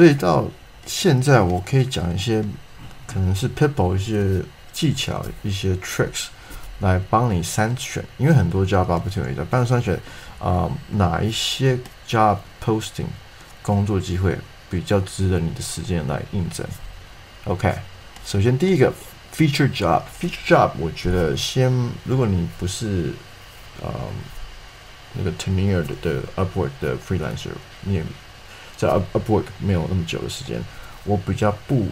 所以到現在，我可以講一些，可能是 people 一些技巧，一些 tricks 來幫你篩選，因為很多 job、啊、不挺容易的。幫你篩選啊、呃，哪一些 job posting 工作機會比較值得你的時間來應徵？OK，首先第一個 featured job，featured job，我覺得先，如果你不是呃那個 tenured 的 Upwork 的 freelancer，你也。在 Upwork 沒有那麼久的時間，我比較不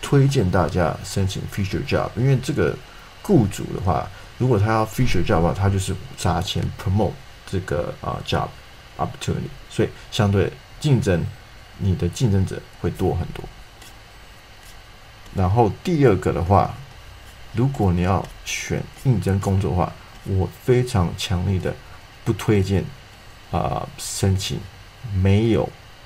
推薦大家申請 future job，因為這個雇主的話，如果他要 future job 的話，他就是砸錢 promote 這個啊、uh, job opportunity，所以相對競爭你的競爭者會多很多。然後第二個的話，如果你要選應徵工作的話，我非常強烈的不推薦啊、呃、申請沒有。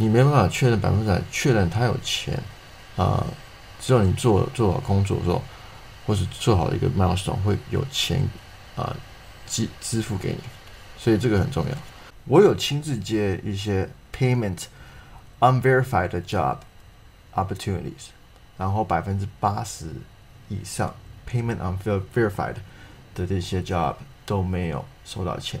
你沒辦法確認百分之百確認他有錢，啊、呃，只有你做做好工作之後，或是做好一個 milestone，會有錢啊支、呃、支付給你，所以這個很重要。我有親自接一些 payment unverified job opportunities，然後百分之八十以上 payment unverified 的這些 job 都沒有收到錢。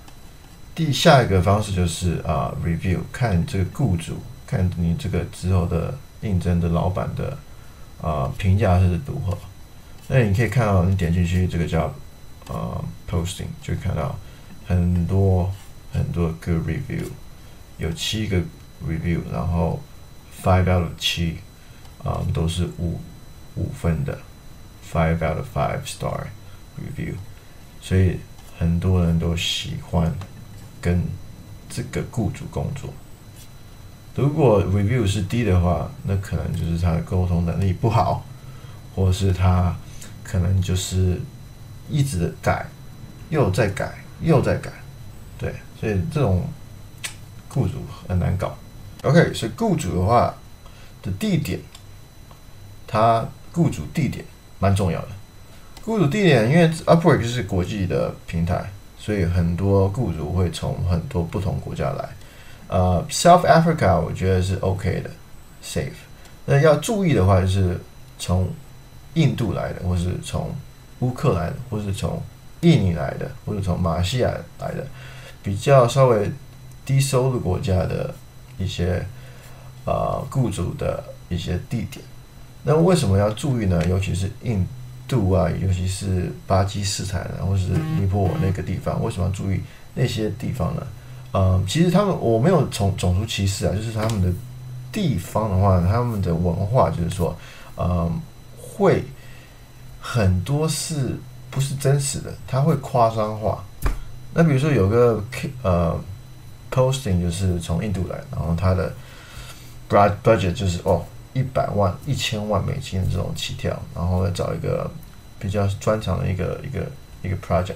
下一個方式就是啊、uh,，review 看這個僱主，看你這個之後的應徵的老板的啊評價是如何。那你可以看到，你點進去這個 job 啊、uh, posting，就看到很多很多 good review，有七個 review，然後 five out of 七啊、uh, 都是五五分的，five out of five star review，所以很多人都喜歡跟這個雇主工作，如果 review 是低的話，那可能就是他的溝通能力不好，或是他可能就是一直改，又在改，又在改，對，所以這種雇主很難搞。OK，所以雇主的話的地點，他雇主地點蠻重要的。雇主地點，因為 Upwork 是國際的平台。所以很多雇主會從很多不同國家來，呃，South Africa 我覺得是 OK 的，safe。那要注意的話就是從印度來的，或是從烏克蘭，或是從印尼來的，或是從馬來西亞來的，比較稍微低收入國家的一些呃雇主的一些地點。那為什麼要注意呢？尤其是印。度啊，尤其是巴基斯坦、啊，然後是尼泊爾那個地方，為什麼要注意那些地方呢？呃、嗯，其實他們我沒有從種族歧視啊，就是他們的地方的話，他們的文化就是說，呃、嗯，會很多事不是真實的，他會誇張化。那比如說有個呃 posting 就是從印度來，然後他的 bud budget 就是哦。一百萬、一千萬美金的這種起跳，然後再找一個比較專長的一個、一個、一個 project。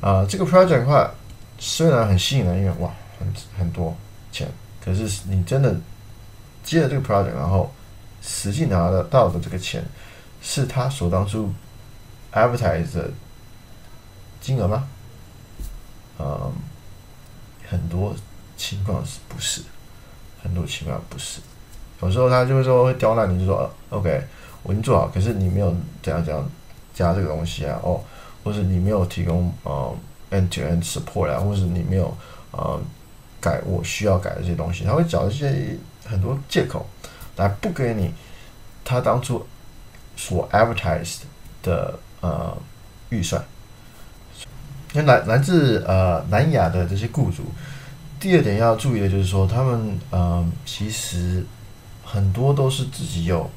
啊、呃，這個 project 的話，雖然很吸引人員，哇，很很多錢，可是你真的接了這個 project，然後實際拿得到的這個錢，是他所當初 advertise 的金額嗎？嗯、呃，很多情況是不是？很多情況不是。有時候他就會說會刁難你，就說，啊，OK，我已經做好，可是你沒有怎樣怎樣加這個東西啊，哦，或是你沒有提供呃 end-to-end support 啊，或是你沒有呃改我需要改的一些東西，他會找一些很多借口來不給你他當初所 advertised 的呃預算。那來來自呃南亞的這些僱主，第二點要注意的就是說他們呃其實。很多都是自己有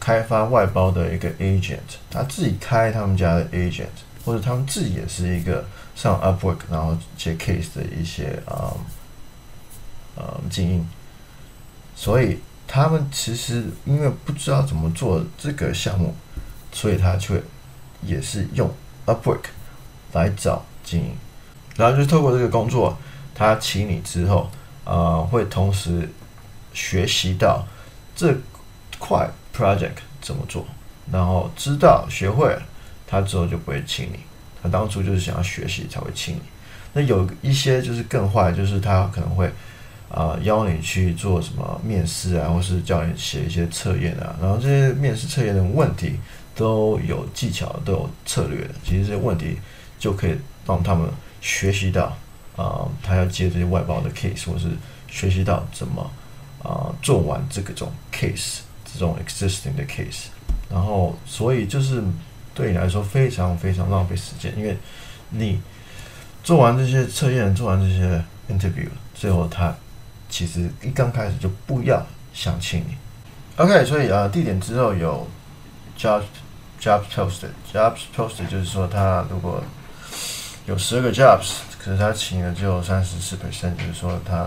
開發外包的一個 agent，他自己開他們家的 agent，或者他們自己也是一個上 Upwork 然後接 case 的一些啊呃經營，所以他們其實因為不知道怎麼做這個項目，所以他卻也是用 Upwork 來找經營，然後就透過這個工作，他請你之後啊、嗯、會同時學習到。這塊 project 怎麼做，然後知道學會了，他之後就不會請你。他當初就是想要學習才會請你。那有一些就是更壞，就是他可能會啊、呃、邀你去做什麼面試啊，或是叫你寫一些測驗啊。然後這些面試測驗的問題都有技巧，都有策略的。其實這些問題就可以讓他們學習到啊、呃，他要接這些外包的 case 或是學習到怎麼。啊、呃，做完這個這種 case，這種 existing 的 case，然後所以就是對你來說非常非常浪費時間，因為你做完這些測驗，做完這些 interview，最後他其實一剛開始就不要想請你。OK，所以啊、呃，地點之後有 jobs，jobs posted，jobs posted 就是說他如果有十二個 jobs，可是他請了只有三十四 percent，就是說他。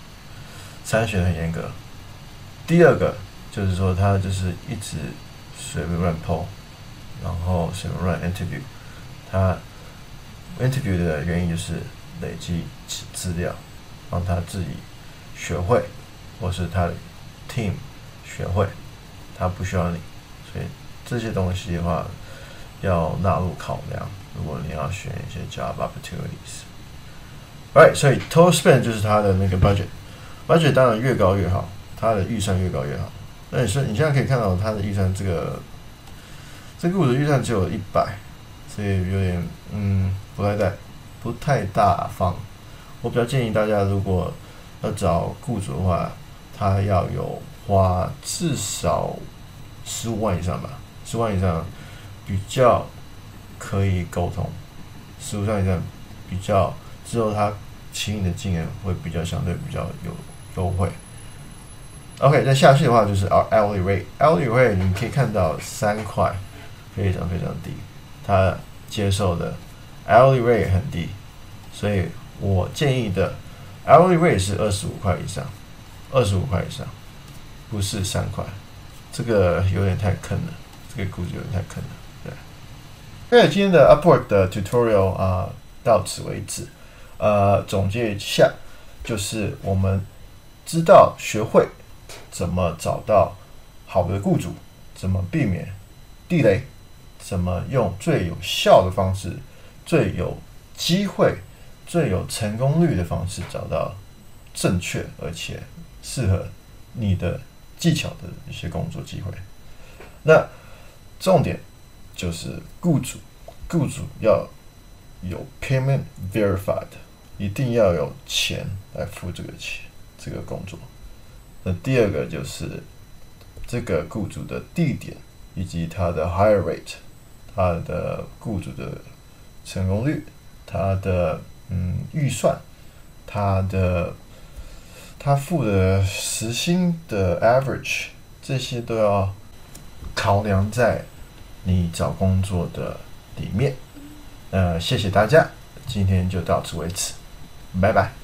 篩選很嚴格。第二個就是說，他就是一直隨便亂拋，然後隨便亂 interview。他 interview 的原因就是累積資料，讓他自己學會，或是他的 team 學會。他不需要你，所以這些東西的話要納入考量。如果你要選一些 job opportunities，right？所以 total spend 就是他的那個 budget。而且當然越高越好，他的預算越高越好。那你說你現在可以看到他的預算、這個，這個這個雇主的預算只有一百，所以有點嗯不太大，不太大方。我比較建議大家，如果要找雇主的話，他要有花至少十五萬以上吧，十五萬以上比較可以溝通，十五萬以上比較之後他請你的經驗會比較相對比較有。都會。OK，那下去的話就是 Our l l y r a o u l l y r a e 你可以看到三塊，非常非常低，他接受的 u l l y r a e 很低，所以我建議的 u l l y r a e 是二十五塊以上，二十五塊以上，不是三塊，這個有點太坑了，這個估計有點太坑了，對。那今天的 Upwork 的 Tutorial 啊、呃，到此為止。呃，總結一下，就是我們。知道學會怎麼找到好的僱主，怎麼避免地雷，怎麼用最有效的方式、最有機會、最有成功率的方式找到正確而且適合你的技巧的一些工作機會。那重點就是僱主，僱主要有 payment verified，一定要有錢來付這個錢。這個工作，那、呃、第二個就是這個雇主的地點，以及他的 hire rate，他的雇主的成功率，他的嗯預算，他的他付的時薪的 average，這些都要考量，在你找工作的裡面。那、呃、謝謝大家，今天就到此為止，拜拜。